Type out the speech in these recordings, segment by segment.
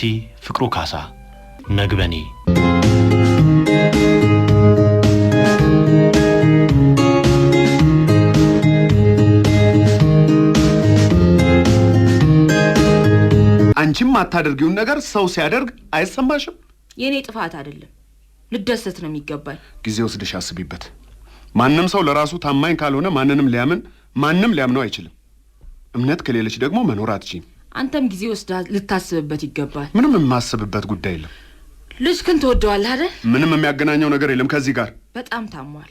ደራሲ ፍቅሩ ካሳ ነግበኔ አንቺም አታደርጊውን ነገር ሰው ሲያደርግ አይሰማሽም? የእኔ ጥፋት አይደለም። ልደሰት ነው የሚገባኝ። ጊዜ ወስደሽ አስቢበት። ማንም ሰው ለራሱ ታማኝ ካልሆነ ማንንም ሊያምን ማንም ሊያምነው አይችልም። እምነት ከሌለች ደግሞ መኖር አትችም። አንተም ጊዜ ወስዳ ልታስብበት ይገባል። ምንም የማስብበት ጉዳይ የለም። ልጅክን ትወደዋለህ አይደል? ምንም የሚያገናኘው ነገር የለም ከዚህ ጋር። በጣም ታሟል፣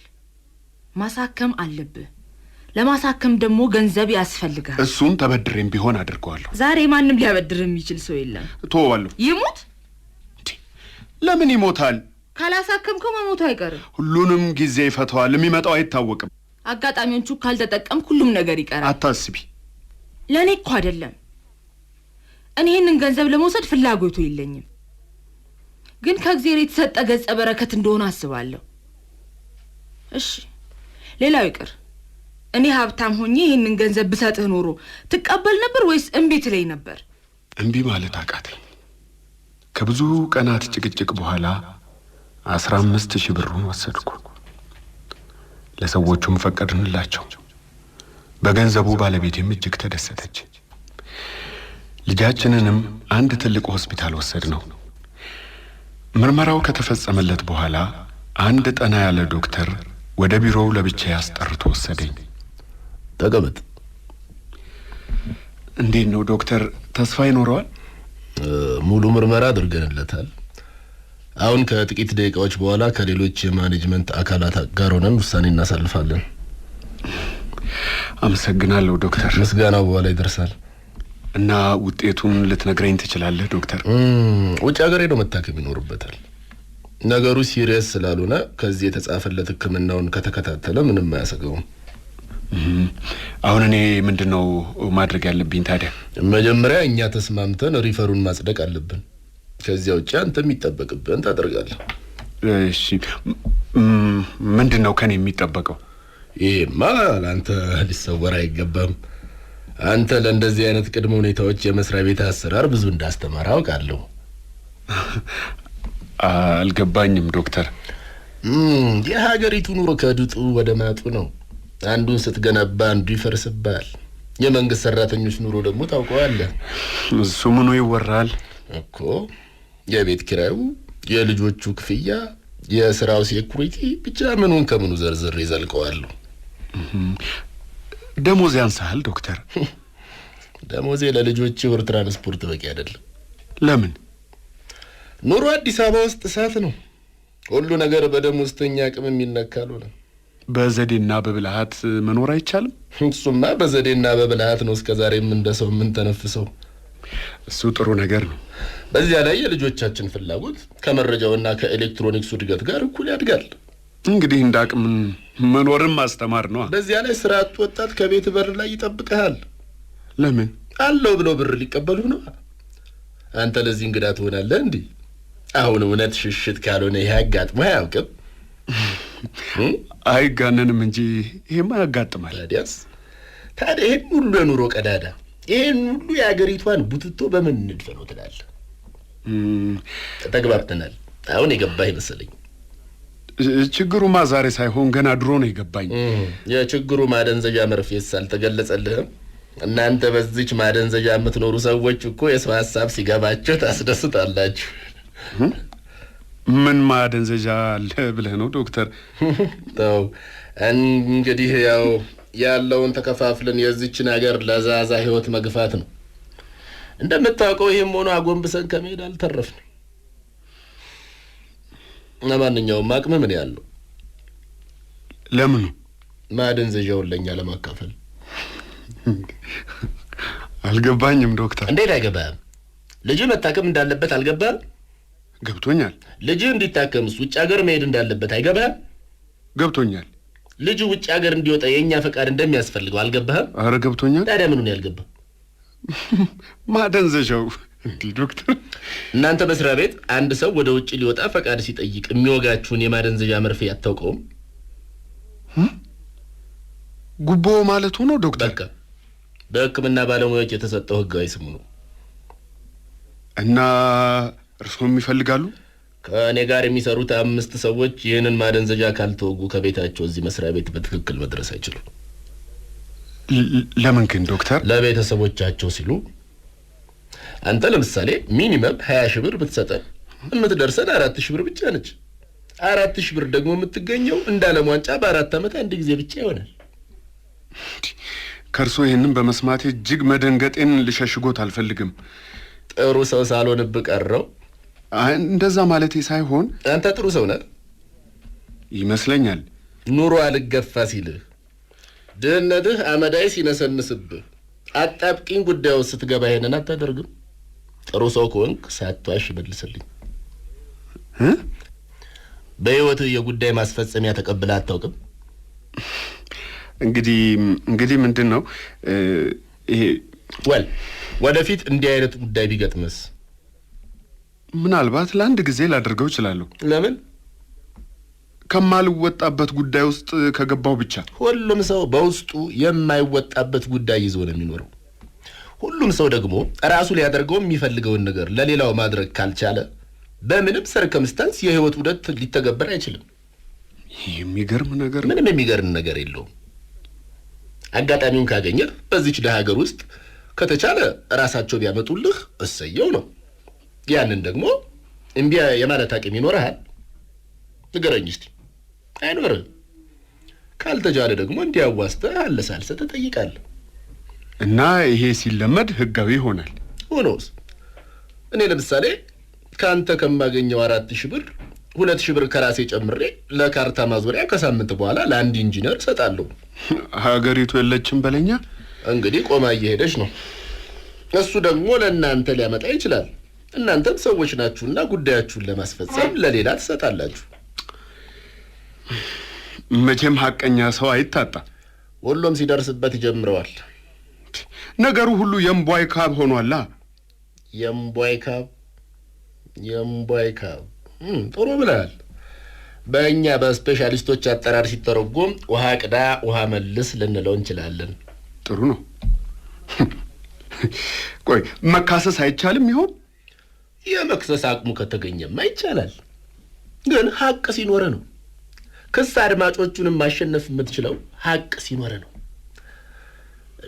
ማሳከም አለብህ። ለማሳከም ደግሞ ገንዘብ ያስፈልጋል። እሱን ተበድሬም ቢሆን አድርገዋለሁ። ዛሬ ማንም ሊያበድር የሚችል ሰው የለም። ትወዋለሁ። ይሙት። ለምን ይሞታል? ካላሳከምከው መሞቱ አይቀርም። ሁሉንም ጊዜ ይፈተዋል። የሚመጣው አይታወቅም። አጋጣሚዎቹ ካልተጠቀምክ ሁሉም ነገር ይቀራል። አታስቢ። ለእኔ እኮ አይደለም እኔ ይህንን ገንዘብ ለመውሰድ ፍላጎቱ የለኝም፣ ግን ከእግዜር የተሰጠ ገጸ በረከት እንደሆነ አስባለሁ። እሺ፣ ሌላው ይቅር። እኔ ሀብታም ሆኜ ይህንን ገንዘብ ብሰጥህ ኖሮ ትቀበል ነበር ወይስ እምቢ ትለኝ ነበር? እምቢ ማለት አቃተኝ። ከብዙ ቀናት ጭቅጭቅ በኋላ አስራ አምስት ሺህ ብሩን ወሰድኩ። ለሰዎቹም ፈቀድንላቸው። በገንዘቡ ባለቤቴም እጅግ ተደሰተች። ልጃችንንም አንድ ትልቅ ሆስፒታል ወሰድ ነው። ምርመራው ከተፈጸመለት በኋላ አንድ ጠና ያለ ዶክተር ወደ ቢሮው ለብቻ ያስጠርቶ ወሰደኝ። ተቀመጥ። እንዴት ነው ዶክተር፣ ተስፋ ይኖረዋል? ሙሉ ምርመራ አድርገንለታል። አሁን ከጥቂት ደቂቃዎች በኋላ ከሌሎች የማኔጅመንት አካላት ጋር ሆነን ውሳኔ እናሳልፋለን። አመሰግናለሁ ዶክተር። ምስጋናው በኋላ ይደርሳል። እና ውጤቱን ልትነግረኝ ትችላለህ ዶክተር? ውጭ ሀገር ሄዶ መታከም ይኖርበታል። ነገሩ ሲሪየስ ስላልሆነ ከዚህ የተጻፈለት ሕክምናውን ከተከታተለ ምንም አያሰገውም። አሁን እኔ ምንድን ነው ማድረግ ያለብኝ ታዲያ? መጀመሪያ እኛ ተስማምተን ሪፈሩን ማጽደቅ አለብን። ከዚያ ውጭ አንተ የሚጠበቅብን ታደርጋለህ። እሺ፣ ምንድን ነው ከኔ የሚጠበቀው? ይሄማ ለአንተ ሊሰወር አይገባም። አንተ ለእንደዚህ አይነት ቅድመ ሁኔታዎች የመስሪያ ቤት አሰራር ብዙ እንዳስተማር አውቃለሁ። አልገባኝም ዶክተር። የሀገሪቱ ኑሮ ከድጡ ወደ ማጡ ነው። አንዱን ስትገነባ አንዱ ይፈርስብሃል። የመንግስት ሰራተኞች ኑሮ ደግሞ ታውቀዋለህ። እሱ ምኑ ይወራል እኮ የቤት ኪራዩ፣ የልጆቹ ክፍያ፣ የስራው ሴኩሪቲ ብቻ ምኑን ከምኑ ዘርዝር ይዘልቀዋሉ። ደሞዝ ያንሳሃል ዶክተር? ደሞዜ ለልጆች ብር ትራንስፖርት በቂ አይደለም። ለምን? ኑሮ አዲስ አበባ ውስጥ እሳት ነው። ሁሉ ነገር በደሞዝተኛ አቅም የሚነካሉ ነው በዘዴና በብልሃት መኖር አይቻልም? እሱማ በዘዴና በብልሃት ነው እስከዛሬም እንደ ሰው የምንተነፍሰው። እሱ ጥሩ ነገር ነው። በዚያ ላይ የልጆቻችን ፍላጎት ከመረጃውና ከኤሌክትሮኒክሱ እድገት ጋር እኩል ያድጋል። እንግዲህ እንደ አቅም መኖርም ማስተማር ነዋ። በዚያ ላይ ስራ አጥ ወጣት ከቤት በር ላይ ይጠብቀሃል። ለምን አለው ብለው ብር ሊቀበሉ ነው። አንተ ለዚህ እንግዳ ትሆናለህ። እንዲህ አሁን እውነት ሽሽት ካልሆነ ይህ አጋጥሞ አያውቅም። አይጋነንም እንጂ ይሄማ ያጋጥማል። ታዲያስ ታዲያ ይህን ሁሉ የኑሮ ቀዳዳ ይህን ሁሉ የአገሪቷን ቡትቶ በምን ንድፈ ትላለህ? ተግባብተናል። አሁን የገባህ ይመስለኝ። ችግሩማ ዛሬ ሳይሆን ገና ድሮ ነው የገባኝ። የችግሩ ማደንዘዣ መርፌስ አልተገለጸልህም? እናንተ በዚች ማደንዘዣ የምትኖሩ ሰዎች እኮ የሰው ሀሳብ ሲገባችሁ ታስደስታላችሁ። ምን ማደንዘዣ አለ ብለህ ነው ዶክተር? ተው እንግዲህ ያው ያለውን ተከፋፍለን የዚችን ሀገር ለዛዛ ህይወት መግፋት ነው። እንደምታውቀው ይህም ሆኖ አጎንብሰን ከመሄድ አልተረፍን። ለማንኛውም አቅም ምን ያለው ለምኑ ማደንዘዣውን ለእኛ ለማካፈል አልገባኝም ዶክተር። እንዴት አይገባህም? ልጅ መታከም እንዳለበት አልገባህም? ገብቶኛል። ልጅ እንዲታከምስ ውጭ ሀገር መሄድ እንዳለበት አይገባህም? ገብቶኛል። ልጁ ውጭ ሀገር እንዲወጣ የእኛ ፈቃድ እንደሚያስፈልገው አልገባህም? አረ ገብቶኛል። ታዲያ ምኑን ያልገባ ማደንዘዣው እንዲህ ዶክተር፣ እናንተ መስሪያ ቤት አንድ ሰው ወደ ውጭ ሊወጣ ፈቃድ ሲጠይቅ የሚወጋችሁን የማደንዘዣ መርፌ አታውቀውም? ጉቦ ማለት ነው ዶክተር። በቃ በሕክምና ባለሙያዎች የተሰጠው ህጋዊ ስሙ ነው። እና እርስዎም ይፈልጋሉ? ከእኔ ጋር የሚሰሩት አምስት ሰዎች ይህንን ማደንዘዣ ካልተወጉ ከቤታቸው እዚህ መስሪያ ቤት በትክክል መድረስ አይችሉም። ለምን ግን ዶክተር? ለቤተሰቦቻቸው ሲሉ አንተ ለምሳሌ ሚኒመም ሀያ ሺህ ብር ብትሰጠን የምትደርሰን አራት ሺህ ብር ብቻ ነች። አራት ሺህ ብር ደግሞ የምትገኘው እንደ ዓለም ዋንጫ በአራት ዓመት አንድ ጊዜ ብቻ ይሆናል። ከእርሶ ይህንን በመስማቴ እጅግ መደንገጤን ልሸሽጎት አልፈልግም። ጥሩ ሰው ሳልሆንብ ቀረው። እንደዛ ማለቴ ሳይሆን አንተ ጥሩ ሰው ነህ ይመስለኛል። ኑሮ አልገፋ ሲልህ፣ ድህነትህ አመዳይ ሲነሰንስብህ፣ አጣብቂኝ ጉዳዩ ስትገባ ይሄንን አታደርግም? ጥሩ ሰው ከሆንክ ሳትዋሽ መልስልኝ። በህይወት የጉዳይ ማስፈጸሚያ ተቀብለህ አታውቅም? እንግዲህ እንግዲህ ምንድን ነው ይሄ? ወል ወደፊት እንዲህ አይነት ጉዳይ ቢገጥምስ? ምናልባት ለአንድ ጊዜ ላደርገው እችላለሁ። ለምን? ከማልወጣበት ጉዳይ ውስጥ ከገባው ብቻ። ሁሉም ሰው በውስጡ የማይወጣበት ጉዳይ ይዞ ነው የሚኖረው። ሁሉም ሰው ደግሞ ራሱ ሊያደርገው የሚፈልገውን ነገር ለሌላው ማድረግ ካልቻለ በምንም ሰርከምስታንስ የህይወት ውደት ሊተገበር አይችልም። የሚገርም ነገር ምንም የሚገርም ነገር የለውም። አጋጣሚውን ካገኘ በዚች ለሀገር ውስጥ ከተቻለ ራሳቸው ቢያመጡልህ እሰየው ነው። ያንን ደግሞ እምቢ የማለት አቅም ይኖርሃል? ንገረኝ እስቲ። አይኖርህ። ካልተቻለ ደግሞ እንዲያዋስተ አለሳልሰ ትጠይቃለህ። እና ይሄ ሲለመድ ህጋዊ ይሆናል። ሆኖስ እኔ ለምሳሌ ከአንተ ከማገኘው አራት ሺህ ብር ሁለት ሺህ ብር ከራሴ ጨምሬ ለካርታ ማዞሪያ ከሳምንት በኋላ ለአንድ ኢንጂነር እሰጣለሁ። ሀገሪቱ የለችም በለኛ። እንግዲህ ቆማ እየሄደች ነው። እሱ ደግሞ ለእናንተ ሊያመጣ ይችላል። እናንተም ሰዎች ናችሁና ጉዳያችሁን ለማስፈጸም ለሌላ ትሰጣላችሁ። መቼም ሀቀኛ ሰው አይታጣ፣ ሁሉም ሲደርስበት ይጀምረዋል። ነገሩ ሁሉ የምቧይ ካብ ሆኗላ። የምቧይ ካብ የምቧይ ካብ ጥሩ ብለሃል። በእኛ በስፔሻሊስቶች አጠራር ሲተረጎም ውሃ ቅዳ ውሃ መልስ ልንለው እንችላለን። ጥሩ ነው። ቆይ መካሰስ አይቻልም ይሆን? የመክሰስ አቅሙ ከተገኘማ ይቻላል፣ ግን ሀቅ ሲኖረ ነው። ክስ አድማጮቹንም ማሸነፍ የምትችለው ሀቅ ሲኖረ ነው።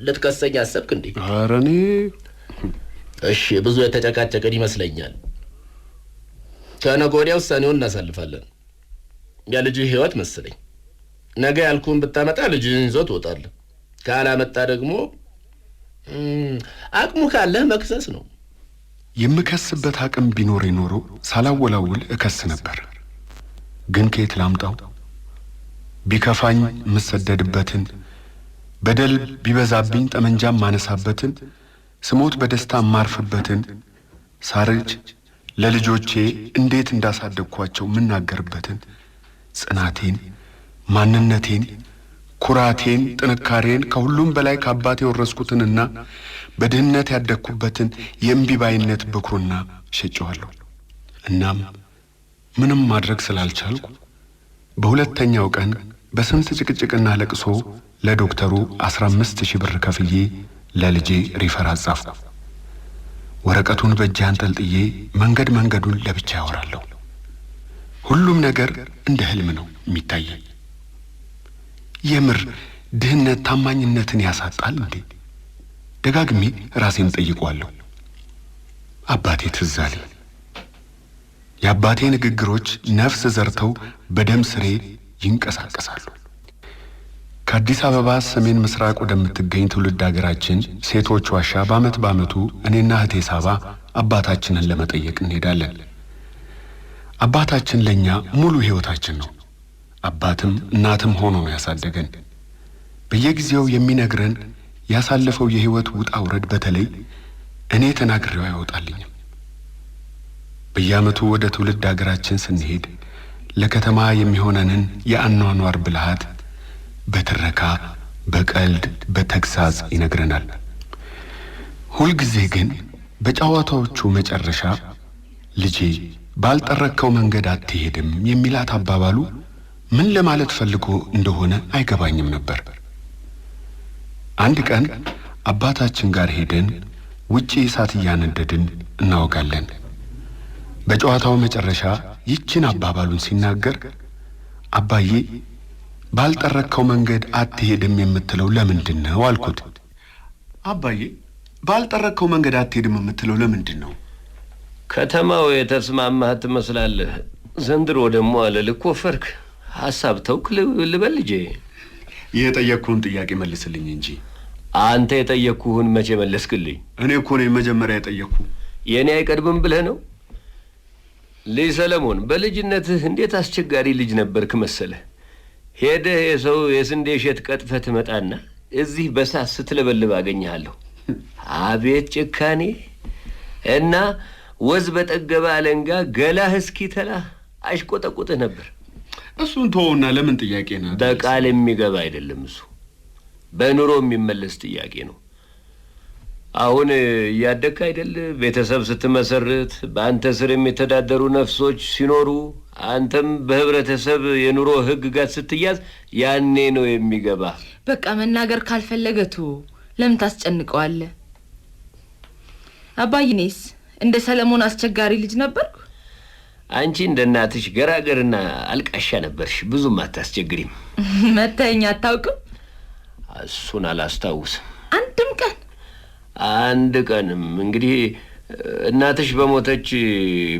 ልትከሰኝ አሰብክ እንዴ? ኧረ እኔ እሺ፣ ብዙ የተጨቃጨቅን ይመስለኛል። ከነገ ወዲያ ውሳኔውን እናሳልፋለን። የልጅ ህይወት መሰለኝ። ነገ ያልኩህን ብታመጣ ልጅህን ይዞ ትወጣለህ። ካላመጣ ደግሞ አቅሙ ካለህ መክሰስ ነው። የምከስበት አቅም ቢኖር ኖሮ ሳላወላውል እከስ ነበር። ግን ከየት ላምጣው? ቢከፋኝ የምሰደድበትን በደል ቢበዛብኝ ጠመንጃም ማነሳበትን ስሞት በደስታ ማርፍበትን ሳርጅ ለልጆቼ እንዴት እንዳሳደግኳቸው የምናገርበትን ጽናቴን፣ ማንነቴን፣ ኩራቴን፣ ጥንካሬን ከሁሉም በላይ ከአባቴ የወረስኩትንና በድህነት ያደግኩበትን የእምቢባይነት ብኩርና ሸጨዋለሁ። እናም ምንም ማድረግ ስላልቻልኩ በሁለተኛው ቀን በስንት ጭቅጭቅና ለቅሶ ለዶክተሩ 15 ሺህ ብር ከፍዬ ለልጄ ሪፈር አጻፍኩ። ወረቀቱን በእጅ አንጠልጥዬ መንገድ መንገዱን ለብቻ ያወራለሁ። ሁሉም ነገር እንደ ህልም ነው የሚታየኝ። የምር ድህነት ታማኝነትን ያሳጣል እንዴ? ደጋግሜ ራሴን ጠይቋለሁ። አባቴ ትዝ አለኝ። የአባቴ ንግግሮች ነፍስ ዘርተው በደም ስሬ ይንቀሳቀሳሉ። ከአዲስ አበባ ሰሜን ምስራቅ ወደምትገኝ ትውልድ አገራችን ሴቶች ዋሻ በዓመት በዓመቱ እኔና እህቴ ሳባ አባታችንን ለመጠየቅ እንሄዳለን። አባታችን ለእኛ ሙሉ ሕይወታችን ነው። አባትም እናትም ሆኖ ነው ያሳደገን። በየጊዜው የሚነግረን ያሳለፈው የሕይወት ውጣ ውረድ በተለይ እኔ ተናግሬው አይወጣልኝም። በየዓመቱ ወደ ትውልድ አገራችን ስንሄድ ለከተማ የሚሆነንን የአኗኗር ብልሃት በትረካ በቀልድ በተግሳጽ ይነግረናል። ሁልጊዜ ግን በጨዋታዎቹ መጨረሻ ልጄ ባልጠረከው መንገድ አትሄድም የሚላት አባባሉ ምን ለማለት ፈልጎ እንደሆነ አይገባኝም ነበር። አንድ ቀን አባታችን ጋር ሄደን ውጪ እሳት እያነደድን እናወጋለን። በጨዋታው መጨረሻ ይችን አባባሉን ሲናገር አባዬ ባልጠረከው መንገድ አትሄድም የምትለው ለምንድን ነው አልኩት። አባዬ ባልጠረከው መንገድ አትሄድም የምትለው ለምንድን ነው? ከተማው የተስማማህ ትመስላለህ። ዘንድሮ ደግሞ አለልህ ወፈርክ ሀሳብ ተውክ ልበል ልጄ። የጠየቅኩህን ጥያቄ መልስልኝ እንጂ። አንተ የጠየቅኩህን መቼ መለስክልኝ? እኔ እኮ ነኝ መጀመሪያ የጠየቅኩ። የእኔ አይቀድምም ብለህ ነው? ልጅ ሰለሞን፣ በልጅነትህ እንዴት አስቸጋሪ ልጅ ነበርክ መሰለህ። ሄደህ የሰው የስንዴ እሸት ቀጥፈ ትመጣና እዚህ በሳት ስትለበልብ አገኘሃለሁ። አቤት ጭካኔ እና ወዝ በጠገበ አለንጋ ገላህ እስኪ ተላ አሽቆጠቁጥህ ነበር። እሱን ተወውና ለምን ጥያቄ ነው? በቃል የሚገባ አይደለም። እሱ በኑሮ የሚመለስ ጥያቄ ነው። አሁን እያደግህ አይደል? ቤተሰብ ስትመሰርት፣ በአንተ ስር የሚተዳደሩ ነፍሶች ሲኖሩ አንተም በህብረተሰብ የኑሮ ህግጋት ስትያዝ ያኔ ነው የሚገባ። በቃ መናገር ካልፈለገ ለምን ታስጨንቀዋለ አባይኔስ እንደ ሰለሞን አስቸጋሪ ልጅ ነበርኩ። አንቺ እንደ እናትሽ ገራገርና አልቃሻ ነበርሽ። ብዙም አታስቸግሪም። መታየኝ አታውቅም? እሱን አላስታውስም። አንድም ቀን አንድ ቀንም እንግዲህ እናትሽ በሞተች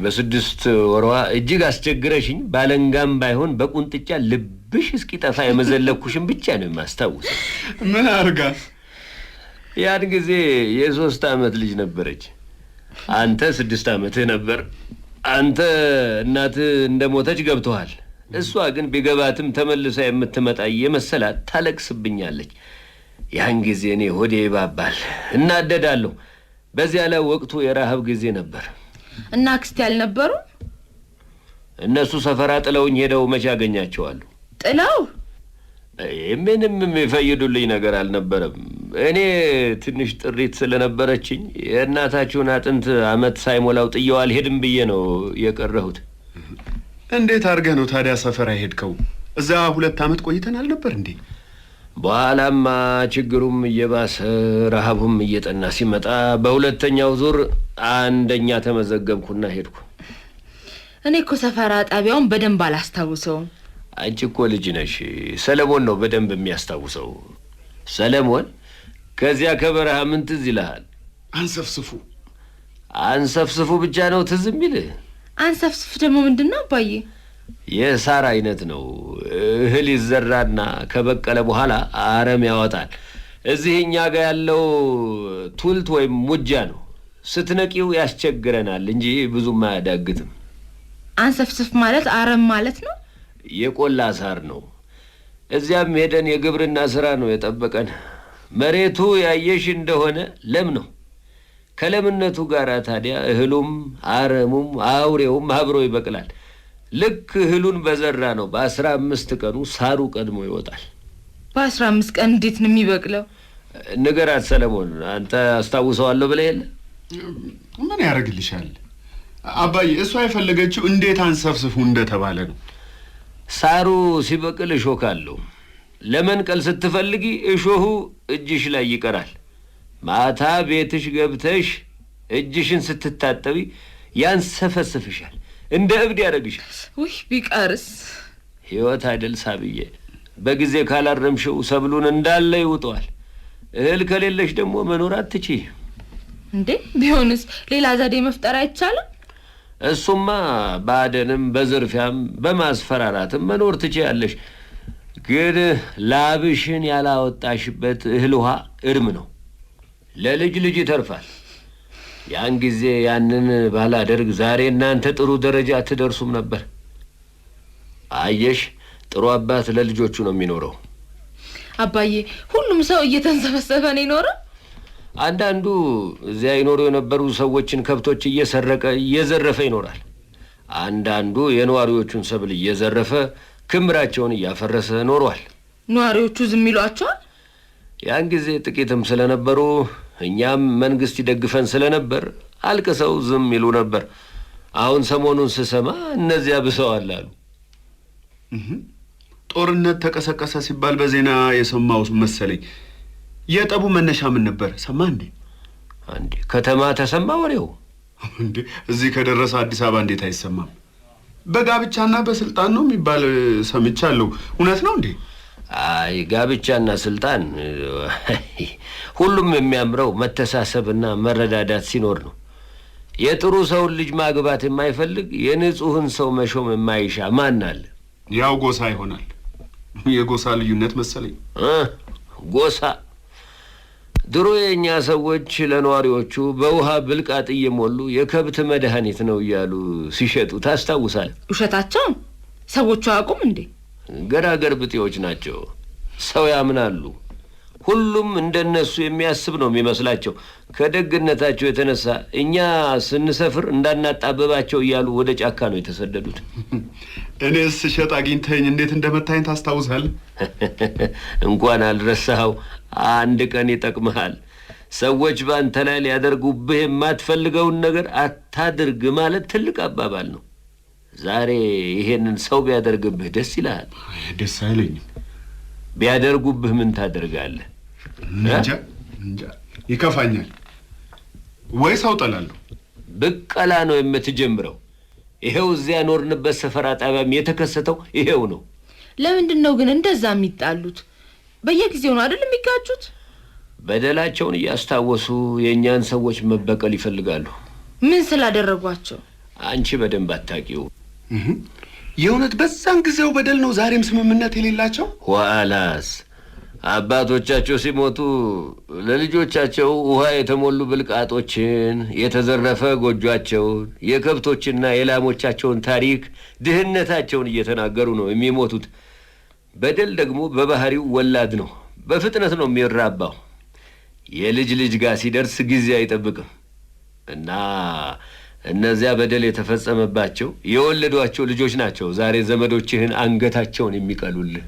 በስድስት ወሯ እጅግ አስቸግረሽኝ ባለንጋም ባይሆን በቁንጥጫ ልብሽ እስኪጠፋ የመዘለኩሽን ብቻ ነው የማስታውስ ምን አርጋ? ያን ጊዜ የሶስት ዓመት ልጅ ነበረች። አንተ ስድስት ዓመትህ ነበር። አንተ እናትህ እንደ ሞተች ገብተዋል። እሷ ግን ቢገባትም ተመልሳ የምትመጣ የመሰላት ታለቅስብኛለች። ያን ጊዜ እኔ ሆዴ ይባባል፣ እናደዳለሁ በዚያ ላይ ወቅቱ የረሃብ ጊዜ ነበር እና አክስቴ ያልነበሩ እነሱ ሰፈራ ጥለውኝ ሄደው መቼ አገኛቸዋለሁ? ጥለው ምንም የሚፈይዱልኝ ነገር አልነበረም። እኔ ትንሽ ጥሪት ስለነበረችኝ የእናታችሁን አጥንት አመት ሳይሞላው ጥየው አልሄድም ብዬ ነው የቀረሁት። እንዴት አድርገህ ነው ታዲያ ሰፈራ ሄድከው? እዛ ሁለት አመት ቆይተን አልነበር እንዴ? በኋላማ ችግሩም እየባሰ ረሃቡም እየጠና ሲመጣ በሁለተኛው ዙር አንደኛ ተመዘገብኩና ሄድኩ። እኔ እኮ ሰፈራ ጣቢያውን በደንብ አላስታውሰውም። አንቺ እኮ ልጅ ነሽ። ሰለሞን ነው በደንብ የሚያስታውሰው። ሰለሞን ከዚያ ከበረሃ ምን ትዝ ይልሃል? አንሰፍስፉ አንሰፍስፉ ብቻ ነው ትዝ የሚልህ። አንሰፍስፉ ደግሞ ምንድን ነው አባዬ? የሳር አይነት ነው። እህል ይዘራና ከበቀለ በኋላ አረም ያወጣል። እዚህ እኛ ጋ ያለው ቱልት ወይም ሙጃ ነው። ስትነቂው ያስቸግረናል እንጂ ብዙም አያዳግትም። አንሰፍስፍ ማለት አረም ማለት ነው። የቆላ ሳር ነው። እዚያም ሄደን የግብርና ስራ ነው የጠበቀን። መሬቱ ያየሽ እንደሆነ ለም ነው። ከለምነቱ ጋር ታዲያ እህሉም አረሙም አውሬውም አብሮ ይበቅላል። ልክ እህሉን በዘራ ነው በአስራ አምስት ቀኑ ሳሩ ቀድሞ ይወጣል። በአስራ አምስት ቀን እንዴት ነው የሚበቅለው? ንገራት ሰለሞን፣ አንተ አስታውሰዋለሁ ብለህ የለ ምን ያደርግልሻል አባዬ። እሷ የፈለገችው እንዴት አንሰፍስፉ እንደተባለ ነው። ሳሩ ሲበቅል እሾህ አለው። ለመንቀል ስትፈልጊ እሾሁ እጅሽ ላይ ይቀራል። ማታ ቤትሽ ገብተሽ እጅሽን ስትታጠቢ ያንሰፈስፍሻል። እንደ እብድ ያደርግሻል። ውይ ቢቀርስ ህይወት አይደል ሳብዬ። በጊዜ ካላረምሽው ሰብሉን እንዳለ ይውጠዋል። እህል ከሌለሽ ደግሞ መኖር አትቺ። እንዴ ቢሆንስ ሌላ ዘዴ መፍጠር አይቻልም? እሱማ በአደንም በዝርፊያም በማስፈራራትም መኖር ትችያለሽ። ግን ላብሽን ያላወጣሽበት እህል ውሃ እድም ነው። ለልጅ ልጅ ይተርፋል። ያን ጊዜ ያንን ባላደርግ ዛሬ እናንተ ጥሩ ደረጃ አትደርሱም ነበር። አየሽ፣ ጥሩ አባት ለልጆቹ ነው የሚኖረው። አባዬ፣ ሁሉም ሰው እየተንሰበሰበ ነው የኖረው። አንዳንዱ እዚያ ይኖሩ የነበሩ ሰዎችን ከብቶች እየሰረቀ እየዘረፈ ይኖራል። አንዳንዱ የነዋሪዎቹን ሰብል እየዘረፈ ክምራቸውን እያፈረሰ ኖሯል። ነዋሪዎቹ ዝም ይሏቸዋል። ያን ጊዜ ጥቂትም ስለነበሩ እኛም መንግስት ይደግፈን ስለነበር አልቅሰው ዝም ይሉ ነበር። አሁን ሰሞኑን ስሰማ እነዚያ ብሰዋል አሉ። ጦርነት ተቀሰቀሰ ሲባል በዜና የሰማው መሰለኝ። የጠቡ መነሻ ምን ነበር? ሰማ እንዴ? አንዴ ከተማ ተሰማ ወሬው እንዴ? እዚህ ከደረሰ አዲስ አበባ እንዴት አይሰማም? በጋብቻና በስልጣን ነው የሚባል ሰምቻለሁ። እውነት ነው እንዴ? አይ ጋብቻና ስልጣን ሁሉም የሚያምረው መተሳሰብና መረዳዳት ሲኖር ነው። የጥሩ ሰውን ልጅ ማግባት የማይፈልግ የንጹህን ሰው መሾም የማይሻ ማን አለ? ያው ጎሳ ይሆናል። የጎሳ ልዩነት መሰለኝ። ጎሳ ድሮ የእኛ ሰዎች ለነዋሪዎቹ በውሃ ብልቃጥ እየሞሉ የከብት መድኃኒት ነው እያሉ ሲሸጡ ታስታውሳል። ውሸታቸውን ሰዎቹ አያውቁም እንዴ? ገራገር ብጤዎች ናቸው። ሰው ያምናሉ። ሁሉም እንደነሱ የሚያስብ ነው የሚመስላቸው። ከደግነታቸው የተነሳ እኛ ስንሰፍር እንዳናጣበባቸው እያሉ ወደ ጫካ ነው የተሰደዱት። እኔ ስሸጥ አግኝተኝ እንዴት እንደመታኝ ታስታውሳል? እንኳን አልረሳኸው። አንድ ቀን ይጠቅምሃል። ሰዎች በአንተ ላይ ሊያደርጉብህ የማትፈልገውን ነገር አታድርግ ማለት ትልቅ አባባል ነው። ዛሬ ይሄንን ሰው ቢያደርግብህ ደስ ይልሃል? ደስ አይለኝም። ቢያደርጉብህ ምን ታደርጋለህ? እንጃ እንጃ፣ ይከፋኛል። ወይ ሰው ጠላለሁ። ብቀላ ነው የምትጀምረው። ይሄው እዚያ ኖርንበት ሰፈራ ጣቢያም የተከሰተው ይሄው ነው። ለምንድን ነው ግን እንደዛ የሚጣሉት? በየጊዜው ነው አይደል የሚጋጩት? በደላቸውን እያስታወሱ የእኛን ሰዎች መበቀል ይፈልጋሉ። ምን ስላደረጓቸው አንቺ በደንብ አታውቂው። የእውነት በዛን ጊዜው በደል ነው ዛሬም ስምምነት የሌላቸው? ኋላስ አባቶቻቸው ሲሞቱ ለልጆቻቸው ውሃ የተሞሉ ብልቃጦችን፣ የተዘረፈ ጎጇቸውን፣ የከብቶችና የላሞቻቸውን ታሪክ ድህነታቸውን እየተናገሩ ነው የሚሞቱት። በደል ደግሞ በባህሪው ወላድ ነው፣ በፍጥነት ነው የሚራባው። የልጅ ልጅ ጋር ሲደርስ ጊዜ አይጠብቅም እና እነዚያ በደል የተፈጸመባቸው የወለዷቸው ልጆች ናቸው ዛሬ ዘመዶችህን አንገታቸውን የሚቀሉልህ።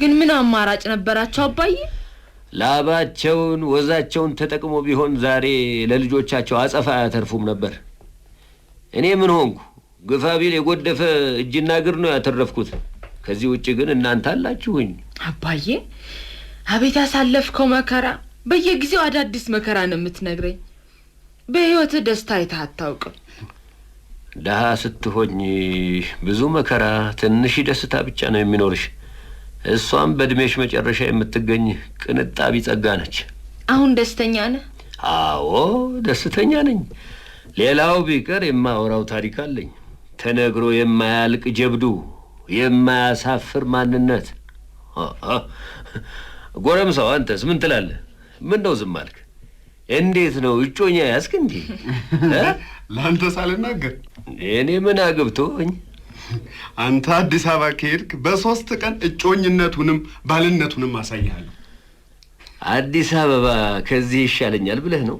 ግን ምን አማራጭ ነበራቸው አባዬ? ላባቸውን ወዛቸውን ተጠቅሞ ቢሆን ዛሬ ለልጆቻቸው አጸፋ አያተርፉም ነበር። እኔ ምን ሆንኩ? ግፋ ቢል የጎደፈ እጅና እግር ነው ያተረፍኩት። ከዚህ ውጭ ግን እናንተ አላችሁኝ። አባዬ አቤት ያሳለፍከው መከራ! በየጊዜው አዳዲስ መከራ ነው የምትነግረኝ። በህይወት ደስታ አይታ አታውቅም። ደሃ ስትሆኝ ብዙ መከራ፣ ትንሽ ደስታ ብቻ ነው የሚኖርሽ። እሷም በእድሜሽ መጨረሻ የምትገኝ ቅንጣቢ ጸጋ ነች። አሁን ደስተኛ ነህ? አዎ ደስተኛ ነኝ። ሌላው ቢቀር የማወራው ታሪክ አለኝ። ተነግሮ የማያልቅ ጀብዱ፣ የማያሳፍር ማንነት። ጎረምሳው አንተስ ምን ትላለህ? ምን ነው ዝም አልክ? እንዴት ነው እጮኛ ያስክ እንዴ? ለአንተ ሳልናገር እኔ ምን አግብቶኝ። አንተ አዲስ አበባ ከሄድክ በሶስት ቀን እጮኝነቱንም ባልነቱንም አሳይሃለሁ። አዲስ አበባ ከዚህ ይሻለኛል ብለህ ነው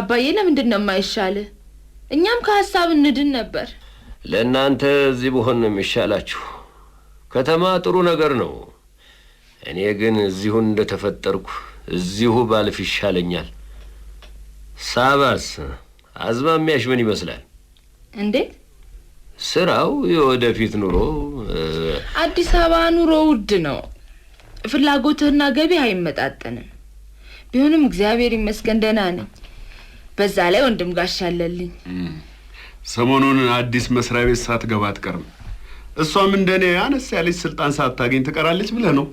አባዬ? ለምንድን ነው የማይሻል? እኛም ከሀሳብ እንድን ነበር። ለእናንተ እዚህ በሆን ነው የሚሻላችሁ። ከተማ ጥሩ ነገር ነው። እኔ ግን እዚሁ እንደተፈጠርኩ እዚሁ ባልፍ ይሻለኛል። ሳባስ አዝማሚያሽ ምን ይመስላል? እንዴት? ስራው፣ የወደፊት ኑሮ? አዲስ አበባ ኑሮ ውድ ነው። ፍላጎትህና ገቢ አይመጣጠንም። ቢሆንም እግዚአብሔር ይመስገን ደህና ነኝ። በዛ ላይ ወንድም ጋሻ አለልኝ። ሰሞኑን አዲስ መስሪያ ቤት ሳትገባ አትቀርም። እሷም እንደኔ አነስ ያለች ስልጣን ሳታገኝ ትቀራለች ብለህ ነው።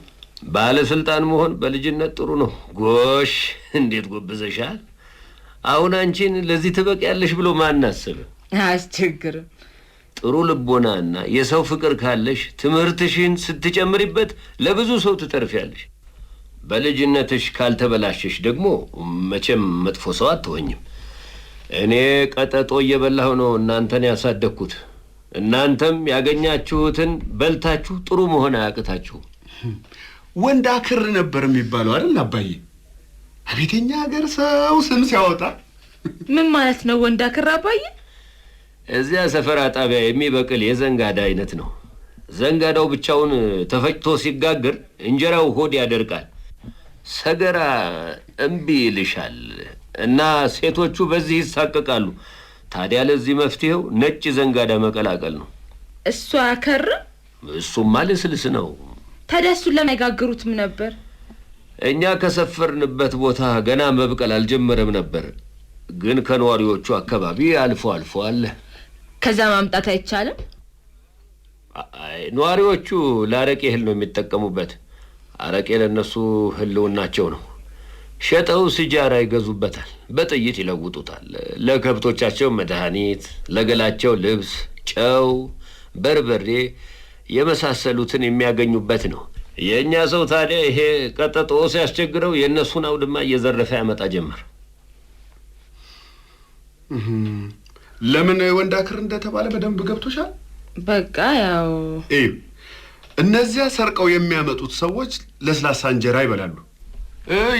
ባለስልጣን መሆን በልጅነት ጥሩ ነው። ጎሽ፣ እንዴት ጎብዘሻል! አሁን አንቺን ለዚህ ትበቂያለሽ ብሎ ማን አሰበ? አያስቸግርም። ጥሩ ልቦናና የሰው ፍቅር ካለሽ ትምህርትሽን ስትጨምሪበት ለብዙ ሰው ትተርፊያለሽ። በልጅነትሽ ካልተበላሸሽ ደግሞ መቼም መጥፎ ሰው አትሆኝም። እኔ ቀጠጦ እየበላሁ ነው እናንተን ያሳደግኩት። እናንተም ያገኛችሁትን በልታችሁ ጥሩ መሆን አያቅታችሁም። ወንድ አክር ነበር የሚባለው አይደል አባዬ? አቤተኛ ሀገር ሰው ስም ሲያወጣ ምን ማለት ነው? ወንዳ ክራባዬ እዚያ ሰፈራ ጣቢያ የሚበቅል የዘንጋዳ አይነት ነው። ዘንጋዳው ብቻውን ተፈጭቶ ሲጋገር እንጀራው ሆድ ያደርቃል። ሰገራ እምቢ ይልሻል እና ሴቶቹ በዚህ ይሳቀቃሉ። ታዲያ ለዚህ መፍትሄው ነጭ ዘንጋዳ መቀላቀል ነው። እሱ አያከርም። እሱማ ልስልስ ነው። ታዲያ እሱን ለማይጋግሩትም ነበር? እኛ ከሰፈርንበት ቦታ ገና መብቀል አልጀመረም ነበር፣ ግን ከነዋሪዎቹ አካባቢ አልፎ አልፎ አለ። ከዛ ማምጣት አይቻልም። ነዋሪዎቹ ለአረቄ እህል ነው የሚጠቀሙበት። አረቄ ለእነሱ ህልውናቸው ነው። ሸጠው ሲጃራ ይገዙበታል፣ በጥይት ይለውጡታል። ለከብቶቻቸው መድኃኒት፣ ለገላቸው ልብስ፣ ጨው፣ በርበሬ የመሳሰሉትን የሚያገኙበት ነው። የእኛ ሰው ታዲያ ይሄ ቀጠጦ ሲያስቸግረው የእነሱን አውድማ እየዘረፈ ያመጣ ጀመር። ለምን ወንዳ ክር እንደተባለ በደንብ ገብቶሻል። በቃ ያው እነዚያ ሰርቀው የሚያመጡት ሰዎች ለስላሳ እንጀራ ይበላሉ፣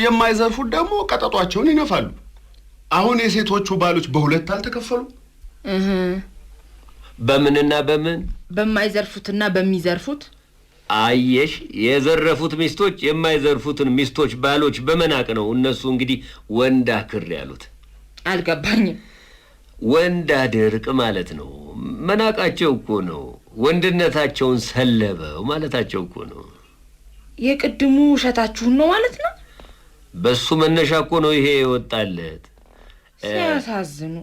የማይዘርፉት ደግሞ ቀጠጧቸውን ይነፋሉ። አሁን የሴቶቹ ባሎች በሁለት አልተከፈሉ በምንና በምን በማይዘርፉትና በሚዘርፉት አየሽ፣ የዘረፉት ሚስቶች የማይዘርፉትን ሚስቶች ባሎች በመናቅ ነው። እነሱ እንግዲህ ወንዳ ክር ያሉት አልገባኝም። ወንዳ ድርቅ ማለት ነው። መናቃቸው እኮ ነው። ወንድነታቸውን ሰለበው ማለታቸው እኮ ነው። የቅድሙ ውሸታችሁን ነው ማለት ነው። በሱ መነሻ እኮ ነው ይሄ የወጣለት። ሲያሳዝኑ።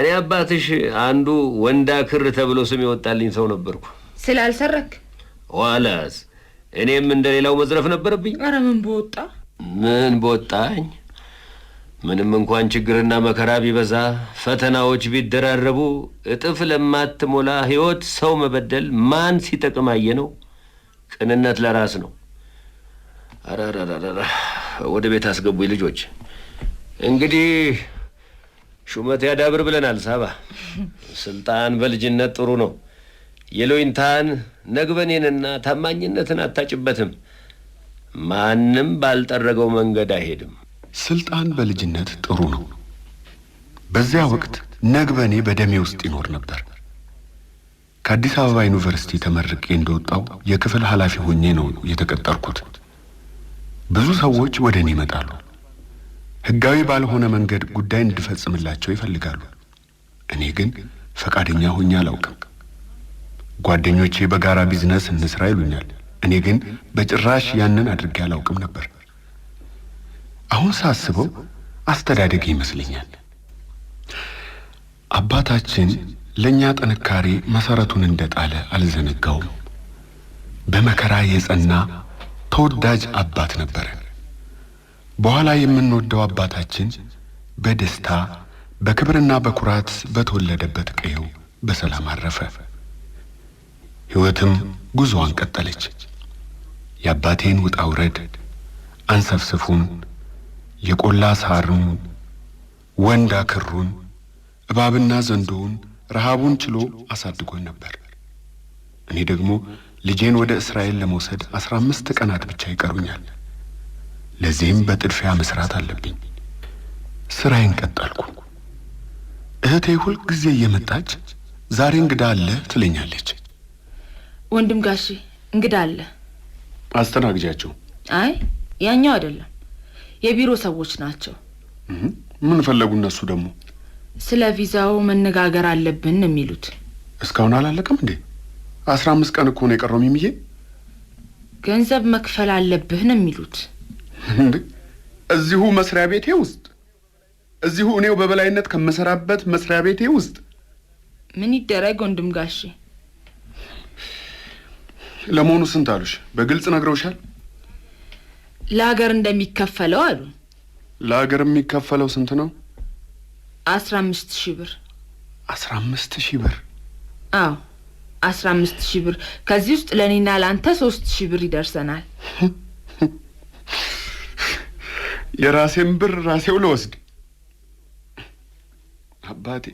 እኔ አባትሽ አንዱ ወንዳ ክር ተብሎ ስም የወጣልኝ ሰው ነበርኩ። ስላልሰረክ ዋላስ እኔም እንደሌላው መዝረፍ ነበረብኝ። አረ ምን በወጣ ምን በወጣኝ። ምንም እንኳን ችግርና መከራ ቢበዛ፣ ፈተናዎች ቢደራረቡ፣ እጥፍ ለማትሞላ ሕይወት ሰው መበደል ማን ሲጠቅም አየ ነው? ቅንነት ለራስ ነው። አራራራራ ወደ ቤት አስገቡኝ ልጆች። እንግዲህ ሹመት ያዳብር ብለናል። ሳባ ስልጣን በልጅነት ጥሩ ነው። የሎይንታን ነግበኔንና ታማኝነትን አታጭበትም። ማንም ባልጠረገው መንገድ አይሄድም። ስልጣን በልጅነት ጥሩ ነው። በዚያ ወቅት ነግበኔ በደሜ ውስጥ ይኖር ነበር። ከአዲስ አበባ ዩኒቨርሲቲ ተመርቄ እንደወጣው የክፍል ኃላፊ ሆኜ ነው የተቀጠርኩት። ብዙ ሰዎች ወደ እኔ ይመጣሉ። ሕጋዊ ባልሆነ መንገድ ጉዳይ እንድፈጽምላቸው ይፈልጋሉ። እኔ ግን ፈቃደኛ ሆኜ አላውቅም። ጓደኞቼ በጋራ ቢዝነስ እንስራ ይሉኛል። እኔ ግን በጭራሽ ያንን አድርጌ አላውቅም ነበር። አሁን ሳስበው አስተዳደግ ይመስለኛል። አባታችን ለእኛ ጥንካሬ መሠረቱን እንደጣለ አልዘነጋውም። በመከራ የጸና ተወዳጅ አባት ነበረ። በኋላ የምንወደው አባታችን በደስታ በክብርና በኩራት በተወለደበት ቀየው በሰላም አረፈ። ሕይወትም ጉዞዋን ቀጠለች። የአባቴን ውጣ ውረድ አንሰፍስፉን፣ የቆላ ሳርን ወንዳ ክሩን፣ እባብና ዘንዶውን፣ ረሃቡን ችሎ አሳድጎን ነበር። እኔ ደግሞ ልጄን ወደ እስራኤል ለመውሰድ አስራ አምስት ቀናት ብቻ ይቀሩኛል። ለዚህም በጥድፊያ መስራት አለብኝ። ስራዬን ቀጠልኩ። እህቴ ሁልጊዜ እየመጣች ዛሬ እንግዳ አለ ትለኛለች። ወንድም ጋሽ እንግዳ አለ። አስተናግጃቸው። አይ ያኛው አይደለም፣ የቢሮ ሰዎች ናቸው። ምን ፈለጉ እነሱ ደግሞ? ስለ ቪዛው መነጋገር አለብን የሚሉት። እስካሁን አላለቀም እንዴ? አስራ አምስት ቀን እኮ ነው የቀረው ሚሚዬ። ገንዘብ መክፈል ነው የሚሉት እንዴ? እዚሁ መስሪያ ቤቴ ውስጥ እዚሁ እኔው በበላይነት ከመሰራበት መስሪያ ቤቴ ውስጥ ምን ይደረግ ወንድም ጋሼ ለመሆኑ ስንት አሉሽ? በግልጽ ነግረውሻል? ለሀገር እንደሚከፈለው አሉ። ለሀገር የሚከፈለው ስንት ነው? አስራ አምስት ሺህ ብር። አስራ አምስት ሺህ ብር? አዎ አስራ አምስት ሺህ ብር። ከዚህ ውስጥ ለእኔና ለአንተ ሶስት ሺህ ብር ይደርሰናል። የራሴን ብር ራሴው ልወስድ። አባቴ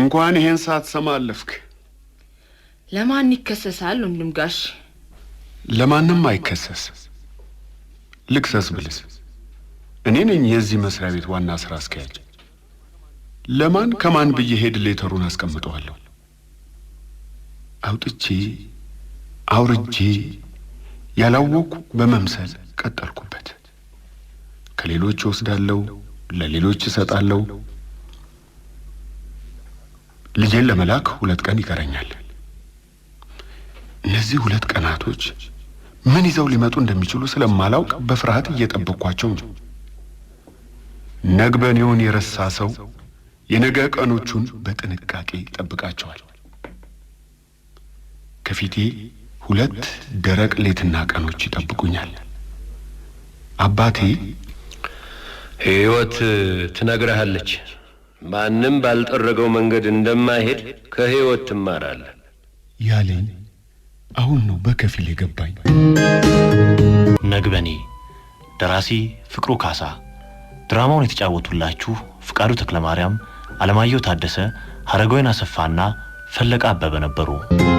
እንኳን ይሄን ሰዓት ሰማ አለፍክ። ለማን ይከሰሳል ወንድም ጋሽ? ለማንም አይከሰስ። ልክሰስ ብልስ እኔ ነኝ የዚህ መስሪያ ቤት ዋና ስራ አስኪያጅ። ለማን ከማን ብዬ ሄድ ሌተሩን አስቀምጠዋለሁ። አውጥቼ አውርጄ ያላወቅኩ በመምሰል ቀጠልኩበት። ከሌሎች እወስዳለሁ፣ ለሌሎች እሰጣለሁ። ልጄን ለመላክ ሁለት ቀን ይቀረኛል። እነዚህ ሁለት ቀናቶች ምን ይዘው ሊመጡ እንደሚችሉ ስለማላውቅ በፍርሃት እየጠበቅኳቸው ነው። ነግበኔውን የረሳ ሰው የነገ ቀኖቹን በጥንቃቄ ይጠብቃቸዋል። ከፊቴ ሁለት ደረቅ ሌትና ቀኖች ይጠብቁኛል። አባቴ ሕይወት ትነግረሃለች። ማንም ባልጠረገው መንገድ እንደማይሄድ ከሕይወት ትማራለህ ያለኝ አሁን ነው በከፊል የገባኝ። ነግበኔ ደራሲ ፍቅሩ ካሳ፣ ድራማውን የተጫወቱላችሁ ፍቃዱ ተክለማርያም፣ አለማየሁ ታደሰ፣ ሀረገወይን አሰፋና ፈለቀ አበበ ነበሩ።